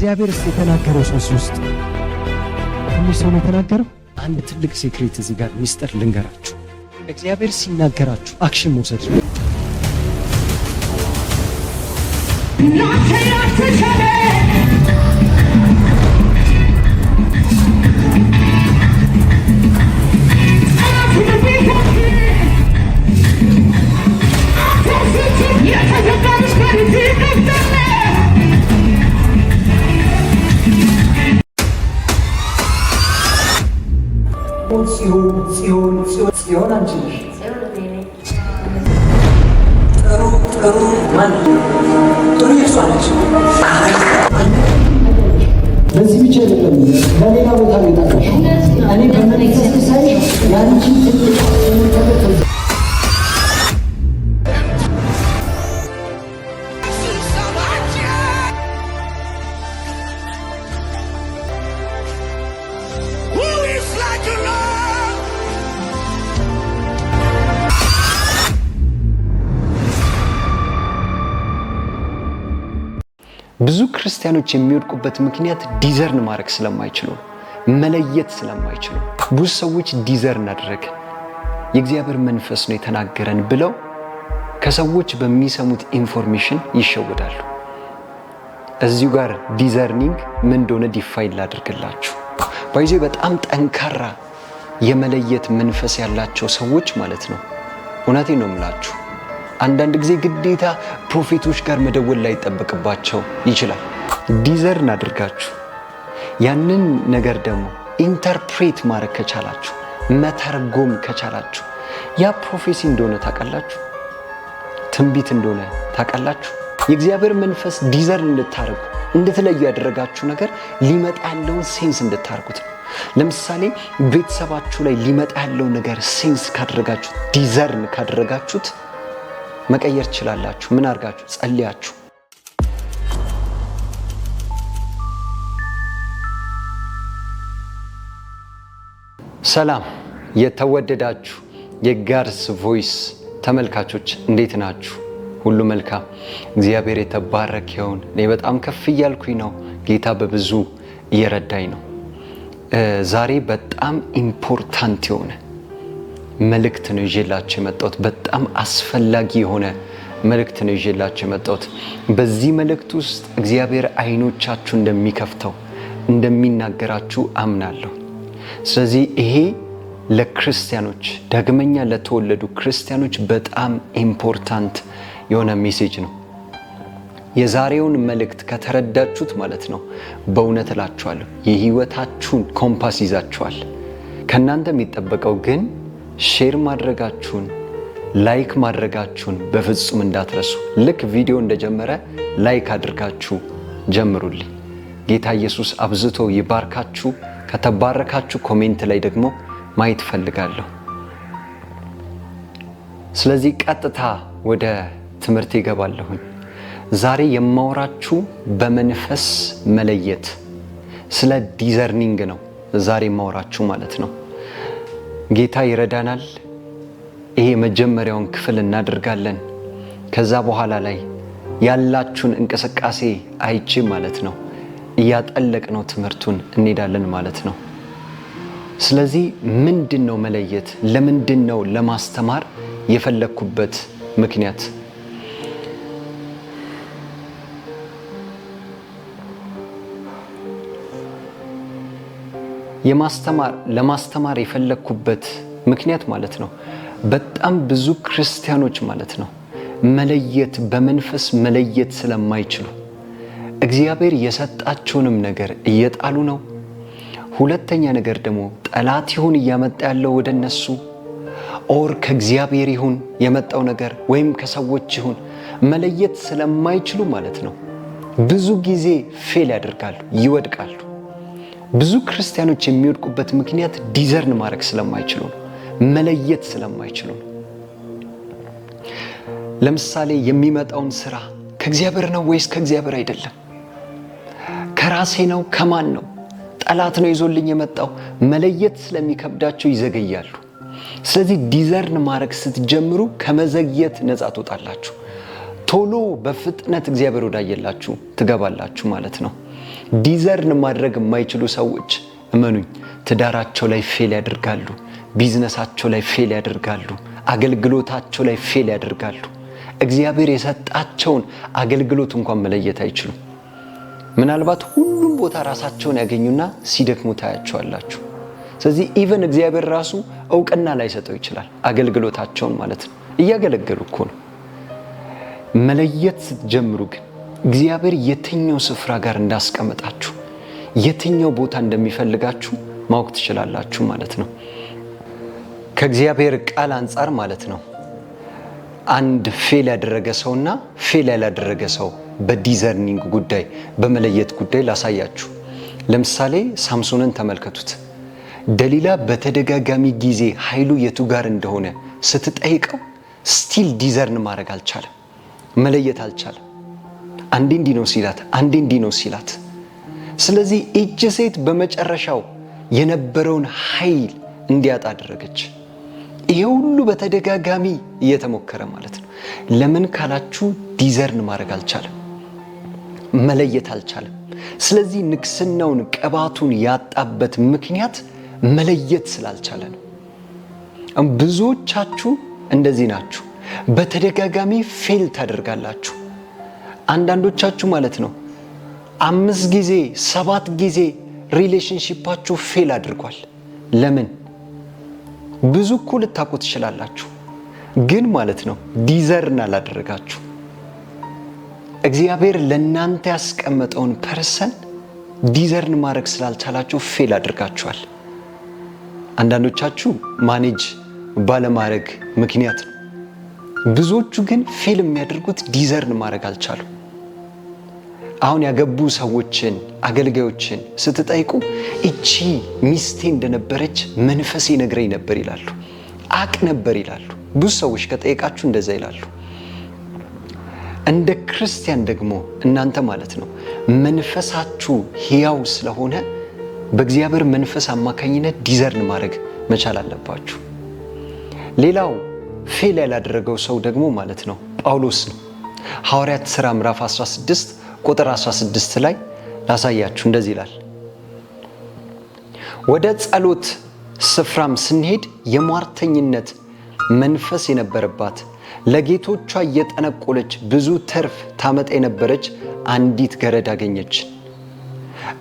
እግዚአብሔር እስ የተናገረው ሰው ውስጥ ትንሽ ሰው ነው የተናገረው። አንድ ትልቅ ሴክሬት እዚህ ጋር ሚስጥር ልንገራችሁ። እግዚአብሔር ሲናገራችሁ አክሽን መውሰድ ነው። አይደለም በሌላ ቦታ ነው እኔ በመንፈስ ሳይሽ ያንቺ ትልቅ ክርስቲያኖች የሚወድቁበት ምክንያት ዲዘርን ማድረግ ስለማይችሉ መለየት ስለማይችሉ ብዙ ሰዎች ዲዘርን አደረገ የእግዚአብሔር መንፈስ ነው የተናገረን ብለው ከሰዎች በሚሰሙት ኢንፎርሜሽን ይሸወዳሉ። እዚሁ ጋር ዲዘርኒንግ ምን እንደሆነ ዲፋይን ላድርግላችሁ። ባይዞ በጣም ጠንካራ የመለየት መንፈስ ያላቸው ሰዎች ማለት ነው። እውነቴ ነው የምላችሁ። አንዳንድ ጊዜ ግዴታ ፕሮፌቶች ጋር መደወል ላይ ይችላል። ዲዘርን አድርጋችሁ ያንን ነገር ደግሞ ኢንተርፕሬት ማድረግ ከቻላችሁ መተርጎም ከቻላችሁ ያ ፕሮፌሲ እንደሆነ ታውቃላችሁ፣ ትንቢት እንደሆነ ታውቃላችሁ። የእግዚአብሔር መንፈስ ዲዘርን እንድታደርጉ እንድትለዩ ያደረጋችሁ ነገር ሊመጣ ያለውን ሴንስ እንድታደርጉት ነው። ለምሳሌ ቤተሰባችሁ ላይ ሊመጣ ያለውን ነገር ሴንስ ካደረጋችሁት፣ ዲዘርን ካደረጋችሁት መቀየር ትችላላችሁ። ምን አድርጋችሁ? ጸልያችሁ ሰላም የተወደዳችሁ የጋርስ ቮይስ ተመልካቾች እንዴት ናችሁ? ሁሉ መልካም፣ እግዚአብሔር የተባረከ ይሁን። እኔ በጣም ከፍ እያልኩኝ ነው። ጌታ በብዙ እየረዳኝ ነው። ዛሬ በጣም ኢምፖርታንት የሆነ መልእክት ነው ይዤላችሁ የመጣሁት። በጣም አስፈላጊ የሆነ መልእክት ነው ይዤላችሁ የመጣሁት። በዚህ መልእክት ውስጥ እግዚአብሔር አይኖቻችሁ እንደሚከፍተው እንደሚናገራችሁ አምናለሁ። ስለዚህ ይሄ ለክርስቲያኖች ዳግመኛ ለተወለዱ ክርስቲያኖች በጣም ኢምፖርታንት የሆነ ሜሴጅ ነው። የዛሬውን መልእክት ከተረዳችሁት ማለት ነው፣ በእውነት እላችኋለሁ የህይወታችሁን ኮምፓስ ይዛችኋል። ከእናንተ የሚጠበቀው ግን ሼር ማድረጋችሁን፣ ላይክ ማድረጋችሁን በፍጹም እንዳትረሱ። ልክ ቪዲዮ እንደጀመረ ላይክ አድርጋችሁ ጀምሩልኝ። ጌታ ኢየሱስ አብዝቶ ይባርካችሁ። ከተባረካችሁ ኮሜንት ላይ ደግሞ ማየት ፈልጋለሁ። ስለዚህ ቀጥታ ወደ ትምህርት ይገባለሁኝ። ዛሬ የማወራችሁ በመንፈስ መለየት ስለ ዲዘርኒንግ ነው። ዛሬ የማወራችሁ ማለት ነው። ጌታ ይረዳናል። ይሄ መጀመሪያውን ክፍል እናደርጋለን። ከዛ በኋላ ላይ ያላችሁን እንቅስቃሴ አይቼ ማለት ነው እያጠለቅ ነው ትምህርቱን እንሄዳለን ማለት ነው። ስለዚህ ምንድን ነው መለየት፣ ለምንድን ነው ለማስተማር የፈለግኩበት ምክንያት? የማስተማር ለማስተማር የፈለግኩበት ምክንያት ማለት ነው በጣም ብዙ ክርስቲያኖች ማለት ነው መለየት በመንፈስ መለየት ስለማይችሉ እግዚአብሔር የሰጣቸውንም ነገር እየጣሉ ነው። ሁለተኛ ነገር ደግሞ ጠላት ይሁን እያመጣ ያለው ወደ እነሱ ኦር ከእግዚአብሔር ይሁን የመጣው ነገር ወይም ከሰዎች ይሁን መለየት ስለማይችሉ ማለት ነው ብዙ ጊዜ ፌል ያደርጋሉ፣ ይወድቃሉ። ብዙ ክርስቲያኖች የሚወድቁበት ምክንያት ዲዘርን ማድረግ ስለማይችሉ ነው፣ መለየት ስለማይችሉ ነው። ለምሳሌ የሚመጣውን ስራ ከእግዚአብሔር ነው ወይስ ከእግዚአብሔር አይደለም? ከራሴ ነው ከማን ነው ጠላት ነው ይዞልኝ የመጣው መለየት ስለሚከብዳቸው ይዘገያሉ። ስለዚህ ዲዘርን ማድረግ ስትጀምሩ ከመዘግየት ነፃ ትወጣላችሁ። ቶሎ በፍጥነት እግዚአብሔር ወዳየላችሁ ትገባላችሁ ማለት ነው። ዲዘርን ማድረግ የማይችሉ ሰዎች እመኑኝ፣ ትዳራቸው ላይ ፌል ያደርጋሉ፣ ቢዝነሳቸው ላይ ፌል ያደርጋሉ፣ አገልግሎታቸው ላይ ፌል ያደርጋሉ። እግዚአብሔር የሰጣቸውን አገልግሎት እንኳን መለየት አይችሉም። ምናልባት ሁሉም ቦታ ራሳቸውን ያገኙና ሲደክሙ ታያቸዋላችሁ። ስለዚህ ኢቨን እግዚአብሔር ራሱ እውቅና ላይሰጠው ይችላል፣ አገልግሎታቸውን ማለት ነው። እያገለገሉ እኮ ነው። መለየት ስትጀምሩ ግን እግዚአብሔር የትኛው ስፍራ ጋር እንዳስቀመጣችሁ፣ የትኛው ቦታ እንደሚፈልጋችሁ ማወቅ ትችላላችሁ ማለት ነው ከእግዚአብሔር ቃል አንጻር ማለት ነው። አንድ ፌል ያደረገ ሰውና ፌል ያላደረገ ሰው በዲዘርኒንግ ጉዳይ በመለየት ጉዳይ ላሳያችሁ። ለምሳሌ ሳምሶንን ተመልከቱት። ደሊላ በተደጋጋሚ ጊዜ ኃይሉ የቱ ጋር እንደሆነ ስትጠይቀው ስቲል ዲዘርን ማድረግ አልቻለም፣ መለየት አልቻለም። አንዴ እንዲህ ነው ሲላት፣ አንዴ እንዲህ ነው ሲላት። ስለዚህ እጅ ሴት በመጨረሻው የነበረውን ኃይል እንዲያጣ አደረገች። ይሄ ሁሉ በተደጋጋሚ እየተሞከረ ማለት ነው። ለምን ካላችሁ ዲዘርን ማድረግ አልቻለም፣ መለየት አልቻለም። ስለዚህ ንግስናውን ቅባቱን ያጣበት ምክንያት መለየት ስላልቻለ ነው። ብዙዎቻችሁ እንደዚህ ናችሁ። በተደጋጋሚ ፌል ታደርጋላችሁ። አንዳንዶቻችሁ ማለት ነው አምስት ጊዜ ሰባት ጊዜ ሪሌሽንሽፓችሁ ፌል አድርጓል። ለምን ብዙ እኮ ልታውቁ ትችላላችሁ፣ ግን ማለት ነው ዲዘርን አላደረጋችሁ። እግዚአብሔር ለእናንተ ያስቀመጠውን ፐርሰን ዲዘርን ማድረግ ስላልቻላችሁ ፌል አድርጋችኋል። አንዳንዶቻችሁ ማኔጅ ባለማድረግ ምክንያት ነው። ብዙዎቹ ግን ፌል የሚያደርጉት ዲዘርን ማድረግ አልቻሉም። አሁን ያገቡ ሰዎችን አገልጋዮችን ስትጠይቁ እቺ ሚስቴ እንደነበረች መንፈሴ ነግረኝ ነበር ይላሉ። አቅ ነበር ይላሉ። ብዙ ሰዎች ከጠየቃችሁ እንደዛ ይላሉ። እንደ ክርስቲያን ደግሞ እናንተ ማለት ነው መንፈሳችሁ ሕያው ስለሆነ በእግዚአብሔር መንፈስ አማካኝነት ዲዘርን ማድረግ መቻል አለባችሁ። ሌላው ፌል ያላደረገው ሰው ደግሞ ማለት ነው ጳውሎስ ነው። ሐዋርያት ሥራ ምዕራፍ 16 ቁጥር 16 ላይ ላሳያችሁ። እንደዚህ ይላል፣ ወደ ጸሎት ስፍራም ስንሄድ የሟርተኝነት መንፈስ የነበረባት ለጌቶቿ እየጠነቆለች ብዙ ትርፍ ታመጣ የነበረች አንዲት ገረድ አገኘች።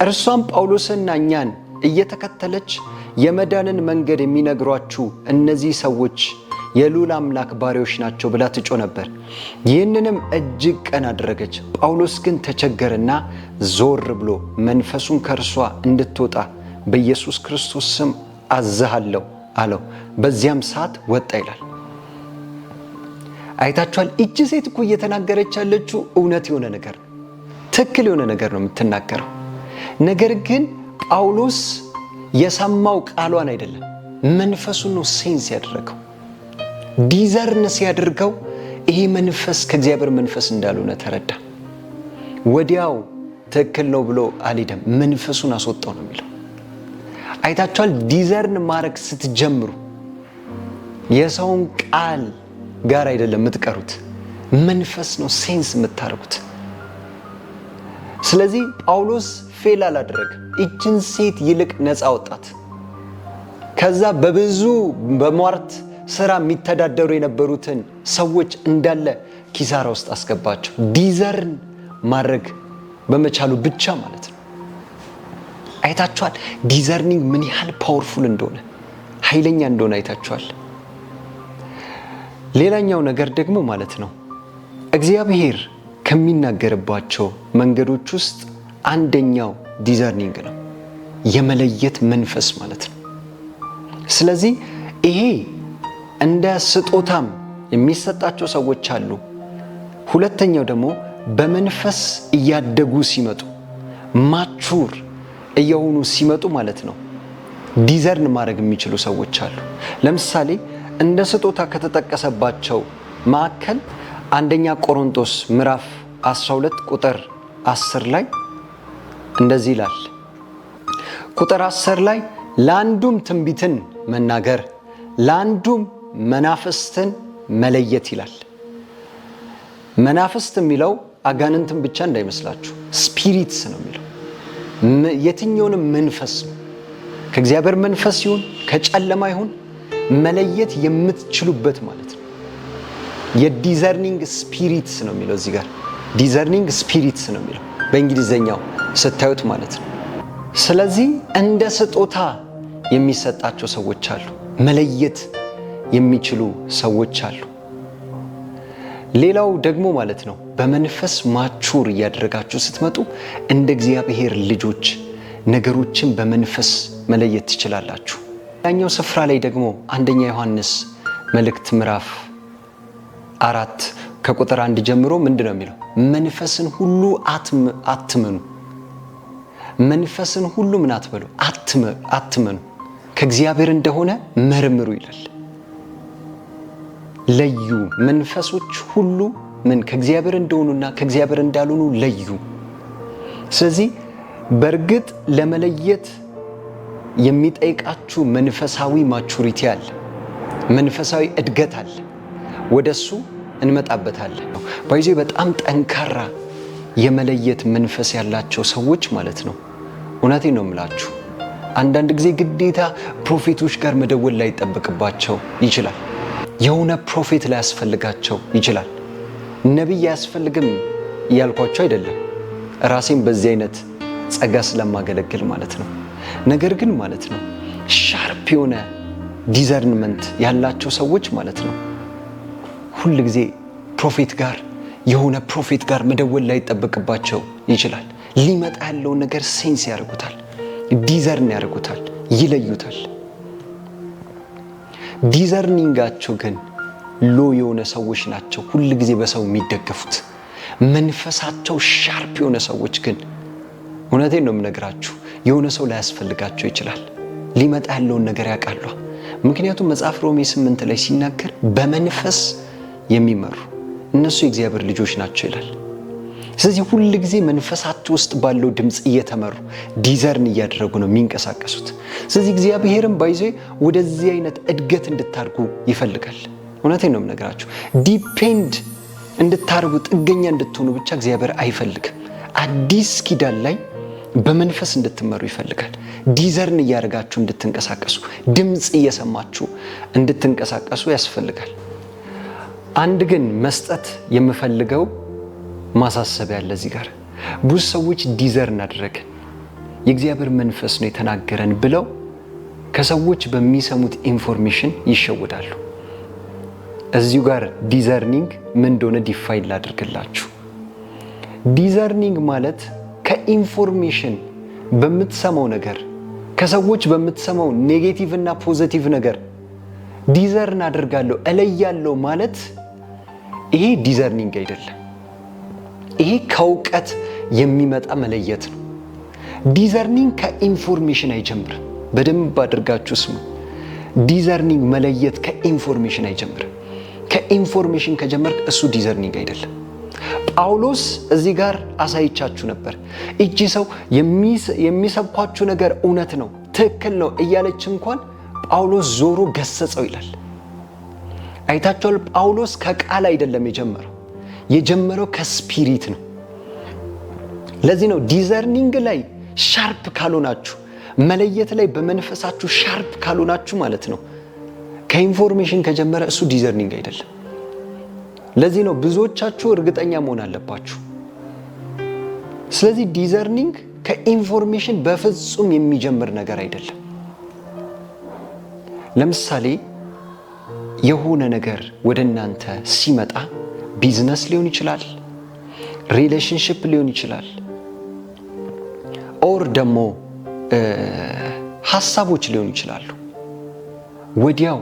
እርሷም ጳውሎስና እኛን እየተከተለች የመዳንን መንገድ የሚነግሯችሁ እነዚህ ሰዎች የልዑል አምላክ ባሪያዎች ናቸው ብላ ትጮ ነበር። ይህንንም እጅግ ቀን አደረገች። ጳውሎስ ግን ተቸገረና ዞር ብሎ መንፈሱን ከእርሷ እንድትወጣ በኢየሱስ ክርስቶስ ስም አዝሃለሁ አለው። በዚያም ሰዓት ወጣ ይላል። አይታችኋል። እጅ ሴት እኮ እየተናገረች ያለችው እውነት የሆነ ነገር ትክክል የሆነ ነገር ነው የምትናገረው። ነገር ግን ጳውሎስ የሰማው ቃሏን አይደለም መንፈሱን ነው ሴንስ ያደረገው። ዲዘርን ሲያደርገው ይሄ መንፈስ ከእግዚአብሔር መንፈስ እንዳልሆነ ተረዳ። ወዲያው ትክክል ነው ብሎ አልሄደም፣ መንፈሱን አስወጣው ነው የሚለው። አይታችኋል። ዲዘርን ማድረግ ስትጀምሩ የሰውን ቃል ጋር አይደለም የምትቀሩት፣ መንፈስ ነው ሴንስ የምታደርጉት። ስለዚህ ጳውሎስ ፌል አላደረገም። ይችን ሴት ይልቅ ነፃ አወጣት። ከዛ በብዙ በሟርት ስራ የሚተዳደሩ የነበሩትን ሰዎች እንዳለ ኪሳራ ውስጥ አስገባቸው። ዲዘርን ማድረግ በመቻሉ ብቻ ማለት ነው። አይታችኋል፣ ዲዘርኒንግ ምን ያህል ፓወርፉል እንደሆነ ኃይለኛ እንደሆነ አይታችኋል። ሌላኛው ነገር ደግሞ ማለት ነው እግዚአብሔር ከሚናገርባቸው መንገዶች ውስጥ አንደኛው ዲዘርኒንግ ነው፣ የመለየት መንፈስ ማለት ነው። ስለዚህ ይሄ እንደ ስጦታም የሚሰጣቸው ሰዎች አሉ። ሁለተኛው ደግሞ በመንፈስ እያደጉ ሲመጡ ማቹር እየሆኑ ሲመጡ ማለት ነው ዲዘርን ማድረግ የሚችሉ ሰዎች አሉ። ለምሳሌ እንደ ስጦታ ከተጠቀሰባቸው መካከል አንደኛ ቆሮንቶስ ምዕራፍ 12 ቁጥር 10 ላይ እንደዚህ ይላል። ቁጥር 10 ላይ ለአንዱም ትንቢትን መናገር ለአንዱም መናፍስትን መለየት ይላል። መናፍስት የሚለው አጋንንትን ብቻ እንዳይመስላችሁ ስፒሪትስ ነው የሚለው የትኛውንም መንፈስ ነው። ከእግዚአብሔር መንፈስ ይሁን ከጨለማ ይሁን መለየት የምትችሉበት ማለት ነው። የዲዘርኒንግ ስፒሪትስ ነው የሚለው እዚህ ጋር ዲዘርኒንግ ስፒሪትስ ነው የሚለው በእንግሊዝኛው ስታዩት ማለት ነው። ስለዚህ እንደ ስጦታ የሚሰጣቸው ሰዎች አሉ መለየት የሚችሉ ሰዎች አሉ። ሌላው ደግሞ ማለት ነው በመንፈስ ማቹር እያደረጋችሁ ስትመጡ እንደ እግዚአብሔር ልጆች ነገሮችን በመንፈስ መለየት ትችላላችሁ። ያኛው ስፍራ ላይ ደግሞ አንደኛ ዮሐንስ መልእክት ምዕራፍ አራት ከቁጥር አንድ ጀምሮ ምንድን ነው የሚለው? መንፈስን ሁሉ አትመኑ። መንፈስን ሁሉ ምን አትበሉ፣ አትመኑ። ከእግዚአብሔር እንደሆነ መርምሩ ይላል። ለዩ መንፈሶች ሁሉ ምን ከእግዚአብሔር እንደሆኑና ከእግዚአብሔር እንዳልሆኑ ለዩ። ስለዚህ በእርግጥ ለመለየት የሚጠይቃችሁ መንፈሳዊ ማቹሪቲ አለ፣ መንፈሳዊ እድገት አለ። ወደ እሱ እንመጣበታለን። ባይዜ በጣም ጠንካራ የመለየት መንፈስ ያላቸው ሰዎች ማለት ነው። እውነቴ ነው የምላችሁ። አንዳንድ ጊዜ ግዴታ ፕሮፌቶች ጋር መደወል ላይ ይጠበቅባቸው ይችላል። የሆነ ፕሮፌት ሊያስፈልጋቸው ይችላል። ነቢይ አያስፈልግም እያልኳቸው አይደለም፣ ራሴን በዚህ አይነት ጸጋ ስለማገለግል ማለት ነው። ነገር ግን ማለት ነው ሻርፕ የሆነ ዲዘርንመንት ያላቸው ሰዎች ማለት ነው ሁል ጊዜ ፕሮፌት ጋር የሆነ ፕሮፌት ጋር መደወል ላይጠበቅባቸው ይችላል። ሊመጣ ያለውን ነገር ሴንስ ያደርጉታል፣ ዲዘርን ያደርጉታል፣ ይለዩታል። ዲዘርኒንጋቸው ግን ሎ የሆነ ሰዎች ናቸው፣ ሁል ጊዜ በሰው የሚደገፉት መንፈሳቸው ሻርፕ የሆነ ሰዎች ግን እውነቴን ነው የምነግራችሁ፣ የሆነ ሰው ላያስፈልጋቸው ይችላል። ሊመጣ ያለውን ነገር ያውቃሏ። ምክንያቱም መጽሐፍ ሮሜ ስምንት ላይ ሲናገር በመንፈስ የሚመሩ እነሱ የእግዚአብሔር ልጆች ናቸው ይላል። ስለዚህ ሁል ጊዜ መንፈሳት ውስጥ ባለው ድምፅ እየተመሩ ዲዘርን እያደረጉ ነው የሚንቀሳቀሱት። ስለዚህ እግዚአብሔርም ባይዞ ወደዚህ አይነት እድገት እንድታርጉ ይፈልጋል። እውነቴ ነው የምነግራችሁ። ዲፔንድ እንድታርጉ ጥገኛ እንድትሆኑ ብቻ እግዚአብሔር አይፈልግም። አዲስ ኪዳን ላይ በመንፈስ እንድትመሩ ይፈልጋል። ዲዘርን እያደረጋችሁ እንድትንቀሳቀሱ፣ ድምፅ እየሰማችሁ እንድትንቀሳቀሱ ያስፈልጋል። አንድ ግን መስጠት የምፈልገው ማሳሰቢያ አለ እዚህ ጋር። ብዙ ሰዎች ዲዘር እናደረግ የእግዚአብሔር መንፈስ ነው የተናገረን ብለው ከሰዎች በሚሰሙት ኢንፎርሜሽን ይሸወዳሉ። እዚሁ ጋር ዲዘርኒንግ ምን እንደሆነ ዲፋይን ላድርግላችሁ። ዲዘርኒንግ ማለት ከኢንፎርሜሽን በምትሰማው ነገር ከሰዎች በምትሰማው ኔጌቲቭ እና ፖዘቲቭ ነገር ዲዘርን አደርጋለሁ እለያለሁ ማለት ይሄ ዲዘርኒንግ አይደለም። ይሄ ከእውቀት የሚመጣ መለየት ነው። ዲዘርኒንግ ከኢንፎርሜሽን አይጀምርም። በደንብ አድርጋችሁ ስሙ። ዲዘርኒንግ መለየት ከኢንፎርሜሽን አይጀምርም። ከኢንፎርሜሽን ከጀመርክ እሱ ዲዘርኒንግ አይደለም። ጳውሎስ እዚህ ጋር አሳይቻችሁ ነበር። እቺ ሰው የሚሰብኳችሁ ነገር እውነት ነው፣ ትክክል ነው እያለች እንኳን ጳውሎስ ዞሮ ገሰጸው ይላል። አይታችኋል። ጳውሎስ ከቃል አይደለም የጀመረው የጀመረው ከስፒሪት ነው። ለዚህ ነው ዲዘርኒንግ ላይ ሻርፕ ካልሆናችሁ፣ መለየት ላይ በመንፈሳችሁ ሻርፕ ካልሆናችሁ ማለት ነው ከኢንፎርሜሽን ከጀመረ እሱ ዲዘርኒንግ አይደለም። ለዚህ ነው ብዙዎቻችሁ እርግጠኛ መሆን አለባችሁ። ስለዚህ ዲዘርኒንግ ከኢንፎርሜሽን በፍጹም የሚጀምር ነገር አይደለም። ለምሳሌ የሆነ ነገር ወደ እናንተ ሲመጣ ቢዝነስ ሊሆን ይችላል፣ ሪሌሽንሽፕ ሊሆን ይችላል፣ ኦር ደግሞ ሀሳቦች ሊሆኑ ይችላሉ። ወዲያው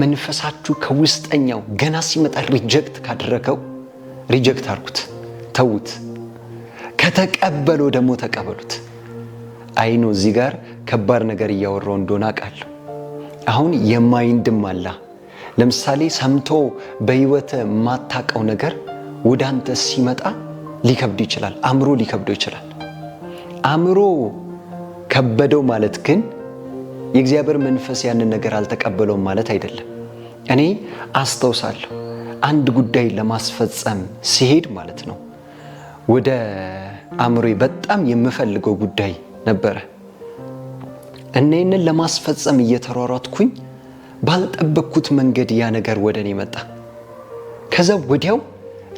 መንፈሳችሁ ከውስጠኛው ገና ሲመጣ ሪጀክት ካደረገው ሪጀክት አድርጉት፣ ተዉት። ከተቀበለው ደግሞ ተቀበሉት። አይኖ እዚህ ጋር ከባድ ነገር እያወራው እንደሆነ አውቃለሁ። አሁን የማይንድም አላ ለምሳሌ ሰምቶ በህይወት የማታቀው ነገር ወደ አንተ ሲመጣ ሊከብድ ይችላል። አእምሮ ሊከብደው ይችላል። አእምሮ ከበደው ማለት ግን የእግዚአብሔር መንፈስ ያንን ነገር አልተቀበለውም ማለት አይደለም። እኔ አስታውሳለሁ አንድ ጉዳይ ለማስፈጸም ሲሄድ ማለት ነው ወደ አእምሮ በጣም የምፈልገው ጉዳይ ነበረ እና ይህንን ለማስፈጸም እየተሯሯጥኩኝ ባልጠበቅኩት መንገድ ያ ነገር ወደ እኔ መጣ። ከዛ ወዲያው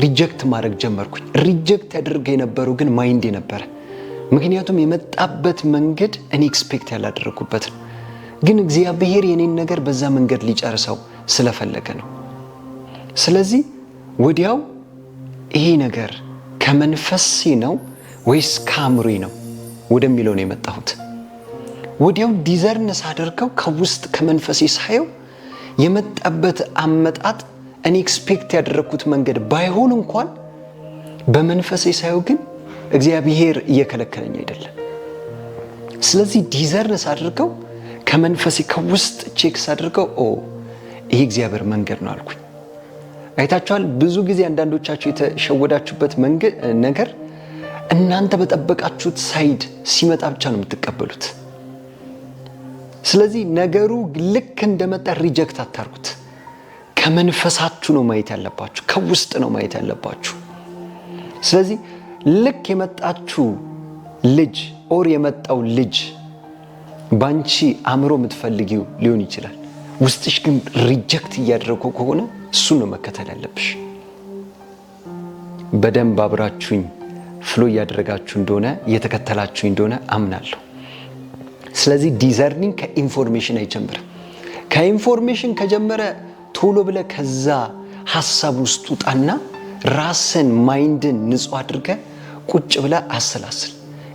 ሪጀክት ማድረግ ጀመርኩኝ። ሪጀክት ያደርገ የነበረው ግን ማይንድ የነበረ ምክንያቱም የመጣበት መንገድ እኔ ኤክስፔክት ያላደረግኩበት ነው። ግን እግዚአብሔር የኔን ነገር በዛ መንገድ ሊጨርሰው ስለፈለገ ነው። ስለዚህ ወዲያው ይሄ ነገር ከመንፈሴ ነው ወይስ ከአእምሮዬ ነው ወደሚለው ነው የመጣሁት። ወዲያው ዲዘርን ሳደርገው ከውስጥ ከመንፈሴ ሳየው የመጣበት አመጣጥ እኔ ኤክስፔክት ያደረግኩት መንገድ ባይሆን እንኳን በመንፈሴ ሳየው ግን እግዚአብሔር እየከለከለኝ አይደለም። ስለዚህ ዲዘርን ሳደርገው ከመንፈሴ ከውስጥ ቼክ ሳደርገው ኦ ይሄ እግዚአብሔር መንገድ ነው አልኩኝ። አይታችኋል። ብዙ ጊዜ አንዳንዶቻችሁ የተሸወዳችሁበት ነገር እናንተ በጠበቃችሁት ሳይድ ሲመጣ ብቻ ነው የምትቀበሉት። ስለዚህ ነገሩ ልክ እንደመጣ ሪጀክት አታርጉት። ከመንፈሳችሁ ነው ማየት ያለባችሁ፣ ከውስጥ ነው ማየት ያለባችሁ። ስለዚህ ልክ የመጣችሁ ልጅ ኦር የመጣው ልጅ ባንቺ አእምሮ የምትፈልጊው ሊሆን ይችላል። ውስጥሽ ግን ሪጀክት እያደረገው ከሆነ እሱ ነው መከተል ያለብሽ። በደንብ አብራችሁኝ ፍሎ እያደረጋችሁ እንደሆነ እየተከተላችሁኝ እንደሆነ አምናለሁ። ስለዚህ ዲዘርኒንግ ከኢንፎርሜሽን አይጀምርም። ከኢንፎርሜሽን ከጀመረ ቶሎ ብለ ከዛ ሀሳብ ውስጥ ውጣና ራስን ማይንድን ንጹህ አድርገ ቁጭ ብለ አሰላስል።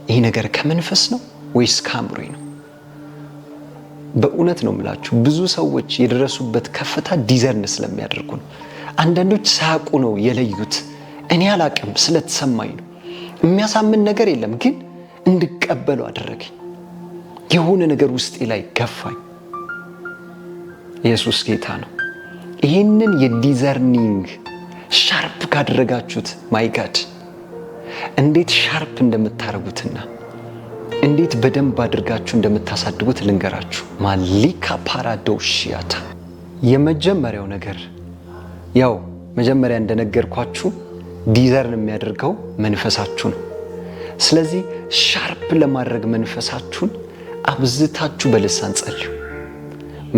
ይህ ነገር ከመንፈስ ነው ወይስ ከአእምሮ ነው? በእውነት ነው የምላችሁ ብዙ ሰዎች የደረሱበት ከፍታ ዲዘርን ስለሚያደርጉ ነው። አንዳንዶች ሳያውቁ ነው የለዩት። እኔ አላቅም ስለተሰማኝ ነው። የሚያሳምን ነገር የለም ግን እንድቀበሉ አደረገኝ። የሆነ ነገር ውስጤ ላይ ገፋኝ። ኢየሱስ ጌታ ነው። ይህንን የዲዘርኒንግ ሻርፕ ካደረጋችሁት ማይጋድ እንዴት ሻርፕ እንደምታደርጉትና እንዴት በደንብ አድርጋችሁ እንደምታሳድጉት ልንገራችሁ። ማሊካ ፓራዶሽያታ የመጀመሪያው ነገር ያው መጀመሪያ እንደነገርኳችሁ ዲዘርን የሚያደርገው መንፈሳችሁ ነው። ስለዚህ ሻርፕ ለማድረግ መንፈሳችሁን አብዝታችሁ በልሳን ጸልዩ።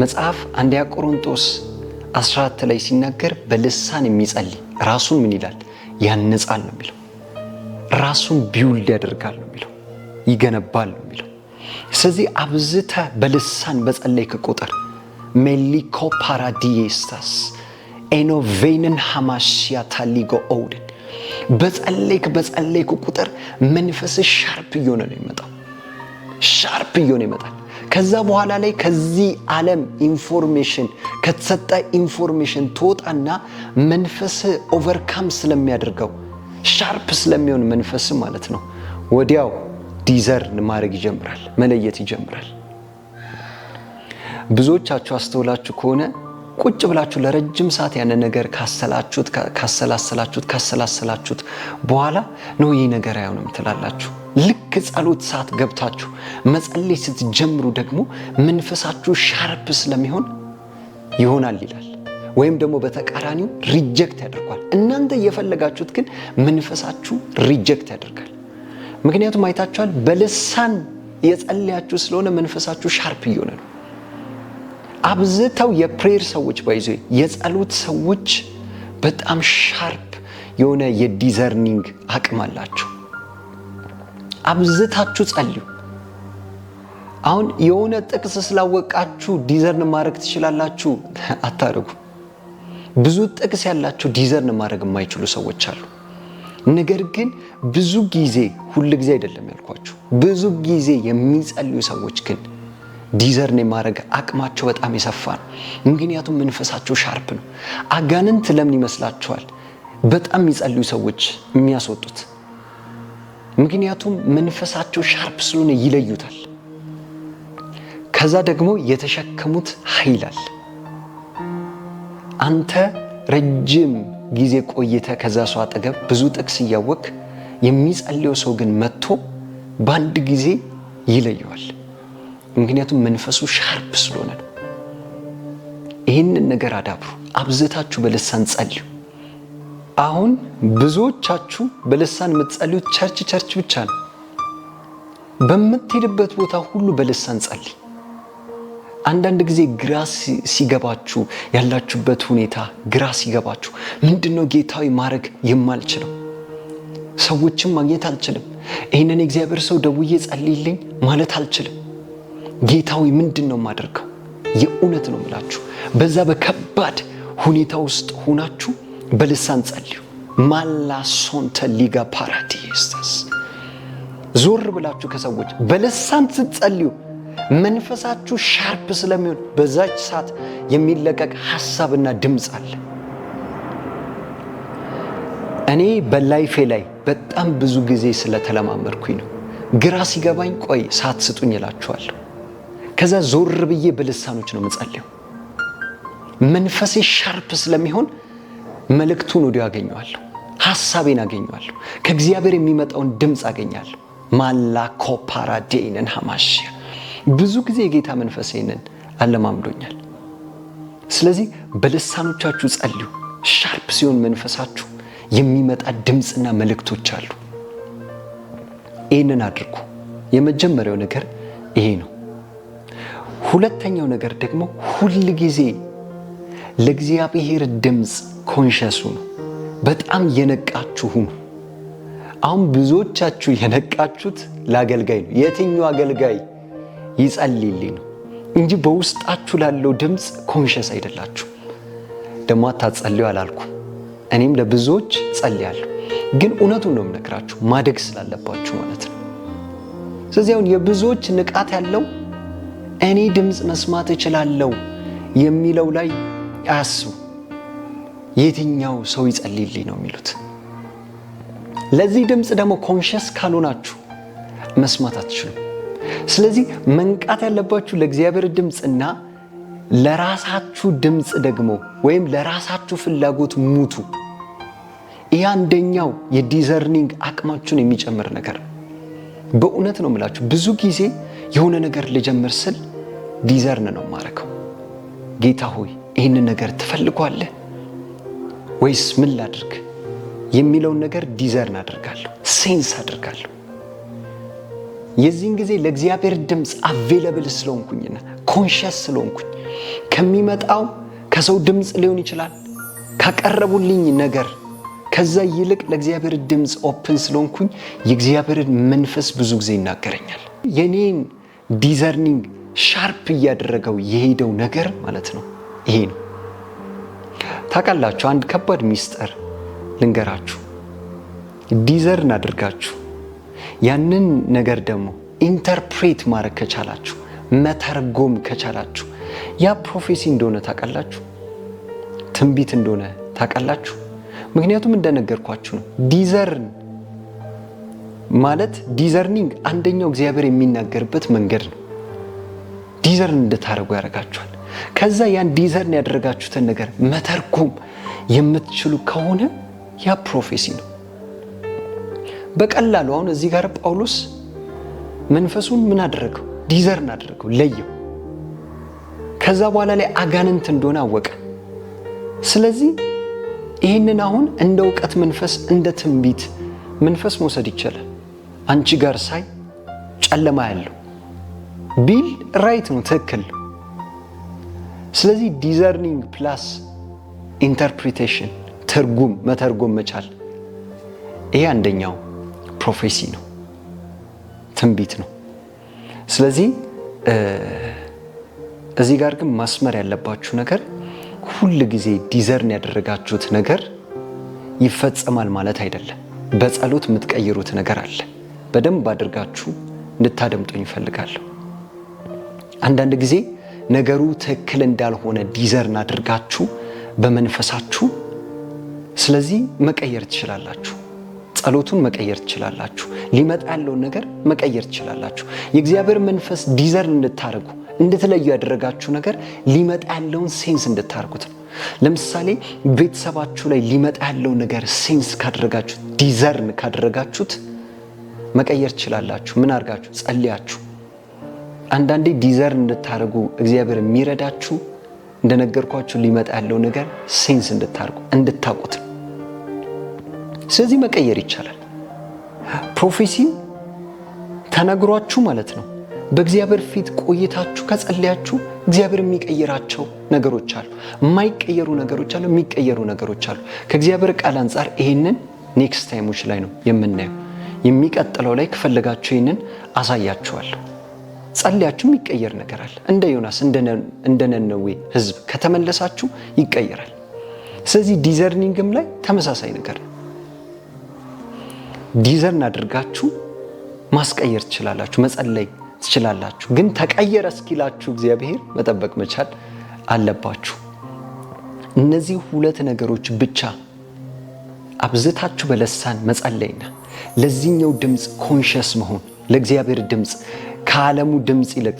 መጽሐፍ አንደኛ ቆሮንቶስ 14 ላይ ሲናገር በልሳን የሚጸልይ ራሱን ምን ይላል? ያነጻል ነው የሚለው። ራሱን ቢውልድ ያደርጋል ነው የሚለው። ይገነባል ነው የሚለው። ስለዚህ አብዝተ በልሳን በጸለይክ ቁጥር ሜሊኮ ፓራዲየስታስ ቬንን ሃማሽያ ታሊጎ ኦውድን በጸለይክ በጸለይክ ቁጥር መንፈስ ሻርፕ እየሆነ ነው ይመጣው ሻርፕ እየሆነ ይመጣል። ከዛ በኋላ ላይ ከዚህ ዓለም ኢንፎርሜሽን ከተሰጠ ኢንፎርሜሽን ትወጣና መንፈስ ኦቨርካም ስለሚያደርገው ሻርፕ ስለሚሆን መንፈስ ማለት ነው። ወዲያው ዲዘርን ማድረግ ይጀምራል፣ መለየት ይጀምራል። ብዙዎቻችሁ አስተውላችሁ ከሆነ ቁጭ ብላችሁ ለረጅም ሰዓት ያነ ነገር ካሰላችሁት ካሰላሰላችሁት ካሰላሰላችሁት በኋላ ነው ይህ ነገር አይሆንም ትላላችሁ ልክ ጸሎት ሰዓት ገብታችሁ መጸለይ ስትጀምሩ ደግሞ መንፈሳችሁ ሻርፕ ስለሚሆን ይሆናል ይላል። ወይም ደግሞ በተቃራኒው ሪጀክት ያደርጓል። እናንተ እየፈለጋችሁት ግን መንፈሳችሁ ሪጀክት ያደርጋል። ምክንያቱም አይታችኋል፣ በልሳን የጸለያችሁ ስለሆነ መንፈሳችሁ ሻርፕ እየሆነ ነው። አብዝተው የፕሬየር ሰዎች ባይዞ የጸሎት ሰዎች በጣም ሻርፕ የሆነ የዲዘርኒንግ አቅም አላቸው። አብዝታችሁ ጸልዩ። አሁን የሆነ ጥቅስ ስላወቃችሁ ዲዘርን ማድረግ ትችላላችሁ አታደርጉ። ብዙ ጥቅስ ያላችሁ ዲዘርን ማድረግ የማይችሉ ሰዎች አሉ። ነገር ግን ብዙ ጊዜ ሁል ጊዜ አይደለም ያልኳችሁ፣ ብዙ ጊዜ የሚጸልዩ ሰዎች ግን ዲዘርን የማድረግ አቅማቸው በጣም የሰፋ ነው። ምክንያቱም መንፈሳቸው ሻርፕ ነው። አጋንንት ለምን ይመስላችኋል? በጣም የሚጸልዩ ሰዎች የሚያስወጡት ምክንያቱም መንፈሳቸው ሻርፕ ስለሆነ ይለዩታል። ከዛ ደግሞ የተሸከሙት ኃይል አለ። አንተ ረጅም ጊዜ ቆይተ ከዛ ሰው አጠገብ ብዙ ጥቅስ እያወቅ የሚጸልየው ሰው ግን መጥቶ በአንድ ጊዜ ይለየዋል። ምክንያቱም መንፈሱ ሻርፕ ስለሆነ ነው። ይህንን ነገር አዳብሩ። አብዝታችሁ በልሳን ጸልዩ። አሁን ብዙዎቻችሁ በልሳን የምትጸልዩት ቸርች ቸርች ብቻ ነው። በምትሄድበት ቦታ ሁሉ በልሳን ጸልይ። አንዳንድ ጊዜ ግራ ሲገባችሁ ያላችሁበት ሁኔታ ግራ ሲገባችሁ ምንድን ነው ጌታዊ ማድረግ የማልችለው ሰዎችም ማግኘት አልችልም፣ ይህንን የእግዚአብሔር ሰው ደውዬ ጸልይልኝ ማለት አልችልም። ጌታዊ ምንድን ነው የማደርገው? የእውነት ነው የምላችሁ በዛ በከባድ ሁኔታ ውስጥ ሆናችሁ በልሳን ጸልዩ። ማላሶንተ ሊጋ ስተስ ዞር ብላችሁ ከሰዎች በልሳን ስትጸልዩ መንፈሳችሁ ሻርፕ ስለሚሆን በዛች ሰዓት የሚለቀቅ ሀሳብና ድምፅ አለ። እኔ በላይፌ ላይ በጣም ብዙ ጊዜ ስለተለማመድኩኝ ነው። ግራ ሲገባኝ ቆይ ሰዓት ስጡኝ እላችኋለሁ። ከዛ ዞር ብዬ በልሳኖች ነው የምጸልየው። መንፈሴ ሻርፕ ስለሚሆን መልእክቱን ወዲያው አገኘዋለሁ፣ ሀሳቤን አገኘዋለሁ፣ ከእግዚአብሔር የሚመጣውን ድምፅ አገኛለሁ። ማላኮ ፓራዴይንን ሀማሽ ብዙ ጊዜ የጌታ መንፈስ ይህንን አለማምዶኛል። ስለዚህ በልሳኖቻችሁ ጸልዩ። ሻርፕ ሲሆን መንፈሳችሁ የሚመጣ ድምፅና መልእክቶች አሉ። ይህንን አድርጉ። የመጀመሪያው ነገር ይሄ ነው። ሁለተኛው ነገር ደግሞ ሁል ጊዜ ለእግዚአብሔር ድምፅ ኮንሸስ ነው። በጣም የነቃችሁ ሁኑ። አሁን ብዙዎቻችሁ የነቃችሁት ለአገልጋይ ነው። የትኛው አገልጋይ ይጸልይልኝ ነው እንጂ በውስጣችሁ ላለው ድምፅ ኮንሸስ አይደላችሁም። ደግሞ አታጸልዩ አላልኩም። እኔም ለብዙዎች ጸልያለሁ፣ ግን እውነቱን ነው የምነግራችሁ ማደግ ስላለባችሁ ማለት ነው። ስለዚህ አሁን የብዙዎች ንቃት ያለው እኔ ድምፅ መስማት እችላለሁ የሚለው ላይ አያስቡ። የትኛው ሰው ይጸልይልኝ ነው የሚሉት። ለዚህ ድምፅ ደግሞ ኮንሽስ ካልሆናችሁ መስማት አትችሉም። ስለዚህ መንቃት ያለባችሁ ለእግዚአብሔር ድምፅና ለራሳችሁ ድምፅ ደግሞ ወይም ለራሳችሁ ፍላጎት ሙቱ። ይህ አንደኛው የዲዘርኒንግ አቅማችሁን የሚጨምር ነገር ነው። በእውነት ነው የምላችሁ። ብዙ ጊዜ የሆነ ነገር ልጀምር ስል ዲዘርን ነው ማረከው። ጌታ ሆይ ይህንን ነገር ትፈልጓለህ ወይስ ምን ላድርግ የሚለውን ነገር ዲዘርን አድርጋለሁ፣ ሴንስ አድርጋለሁ። የዚህን ጊዜ ለእግዚአብሔር ድምፅ አቬለብል ስለሆንኩኝና ኮንሽስ ስለሆንኩኝ ከሚመጣው ከሰው ድምፅ ሊሆን ይችላል ካቀረቡልኝ ነገር ከዛ ይልቅ ለእግዚአብሔር ድምፅ ኦፕን ስለሆንኩኝ የእግዚአብሔርን መንፈስ ብዙ ጊዜ ይናገረኛል። የኔን ዲዘርኒንግ ሻርፕ እያደረገው የሄደው ነገር ማለት ነው ይሄ ነው። ታውቃላችሁ፣ አንድ ከባድ ሚስጥር ልንገራችሁ። ዲዘር እናድርጋችሁ ያንን ነገር ደግሞ ኢንተርፕሬት ማድረግ ከቻላችሁ መተርጎም ከቻላችሁ ያ ፕሮፌሲ እንደሆነ ታውቃላችሁ፣ ትንቢት እንደሆነ ታውቃላችሁ። ምክንያቱም እንደነገርኳችሁ ነው። ዲዘርን ማለት ዲዘርኒንግ አንደኛው እግዚአብሔር የሚናገርበት መንገድ ነው። ዲዘርን እንድታደርጉ ያደርጋችኋል። ከዛ ያን ዲዘርን ያደረጋችሁትን ነገር መተርጎም የምትችሉ ከሆነ ያ ፕሮፌሲ ነው። በቀላሉ አሁን እዚህ ጋር ጳውሎስ መንፈሱን ምን አደረገው? ዲዘርን አደረገው፣ ለየው። ከዛ በኋላ ላይ አጋንንት እንደሆነ አወቀ። ስለዚህ ይህንን አሁን እንደ እውቀት መንፈስ፣ እንደ ትንቢት መንፈስ መውሰድ ይቻላል። አንቺ ጋር ሳይ ጨለማ ያለው ቢል ራይት ነው፣ ትክክል ነው። ስለዚህ ዲዘርኒንግ ፕላስ ኢንተርፕሪቴሽን ትርጉም መተርጎም መቻል፣ ይሄ አንደኛው ፕሮፌሲ ነው፣ ትንቢት ነው። ስለዚህ እዚህ ጋር ግን ማስመር ያለባችሁ ነገር ሁል ጊዜ ዲዘርን ያደረጋችሁት ነገር ይፈጸማል ማለት አይደለም። በጸሎት የምትቀይሩት ነገር አለ። በደንብ አድርጋችሁ እንድታደምጡኝ ይፈልጋለሁ። አንዳንድ ጊዜ ነገሩ ትክክል እንዳልሆነ ዲዘርን አድርጋችሁ በመንፈሳችሁ ስለዚህ መቀየር ትችላላችሁ። ጸሎቱን መቀየር ትችላላችሁ። ሊመጣ ያለውን ነገር መቀየር ትችላላችሁ። የእግዚአብሔር መንፈስ ዲዘርን እንድታደርጉ እንድትለዩ ያደረጋችሁ ነገር ሊመጣ ያለውን ሴንስ እንድታደርጉት ነው። ለምሳሌ ቤተሰባችሁ ላይ ሊመጣ ያለው ነገር ሴንስ ካደረጋችሁት፣ ዲዘርን ካደረጋችሁት መቀየር ትችላላችሁ። ምን አድርጋችሁ? ጸልያችሁ አንዳንዴ ዲዘር እንድታደርጉ እግዚአብሔር የሚረዳችሁ እንደነገርኳችሁ ሊመጣ ያለው ነገር ሴንስ እንድታርጉ እንድታውቁት ነው። ስለዚህ መቀየር ይቻላል። ፕሮፌሲ ተነግሯችሁ ማለት ነው። በእግዚአብሔር ፊት ቆይታችሁ ከጸለያችሁ እግዚአብሔር የሚቀይራቸው ነገሮች አሉ፣ የማይቀየሩ ነገሮች አሉ፣ የሚቀየሩ ነገሮች አሉ። ከእግዚአብሔር ቃል አንጻር ይህንን ኔክስት ታይሞች ላይ ነው የምናየው። የሚቀጥለው ላይ ከፈለጋችሁ ይህንን አሳያችኋለሁ። ጸልያችሁም ይቀየር ነገር አለ። እንደ ዮናስ እንደ ነነዌ ህዝብ ከተመለሳችሁ ይቀየራል። ስለዚህ ዲዘርኒንግም ላይ ተመሳሳይ ነገር ነው። ዲዘርን አድርጋችሁ ማስቀየር ትችላላችሁ፣ መጸለይ ትችላላችሁ። ግን ተቀየረ እስኪላችሁ እግዚአብሔር መጠበቅ መቻል አለባችሁ። እነዚህ ሁለት ነገሮች ብቻ አብዝታችሁ በለሳን መጸለይና ለዚህኛው ድምፅ ኮንሽስ መሆን ለእግዚአብሔር ድምፅ ከዓለሙ ድምፅ ይልቅ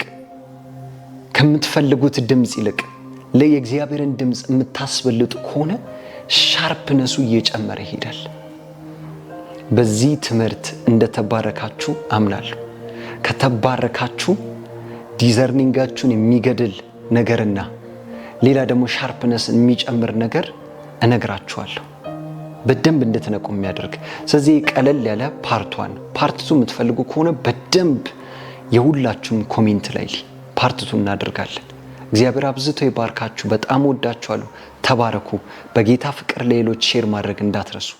ከምትፈልጉት ድምፅ ይልቅ ለየእግዚአብሔርን ድምፅ የምታስበልጡ ከሆነ ሻርፕነሱ እየጨመረ ይሄዳል። በዚህ ትምህርት እንደተባረካችሁ አምናለሁ። ከተባረካችሁ ዲዘርኒንጋችሁን የሚገድል ነገርና ሌላ ደግሞ ሻርፕነስ የሚጨምር ነገር እነግራችኋለሁ በደንብ እንድትነቁ የሚያደርግ ስለዚህ ቀለል ያለ ፓርት ዋን ፓርት ቱ የምትፈልጉ ከሆነ በደንብ የሁላችሁም ኮሜንት ላይ ፓርትቱ እናደርጋለን። እግዚአብሔር አብዝቶ ይባርካችሁ። በጣም ወዳችኋለሁ። ተባረኩ። በጌታ ፍቅር ለሌሎች ሼር ማድረግ እንዳትረሱ።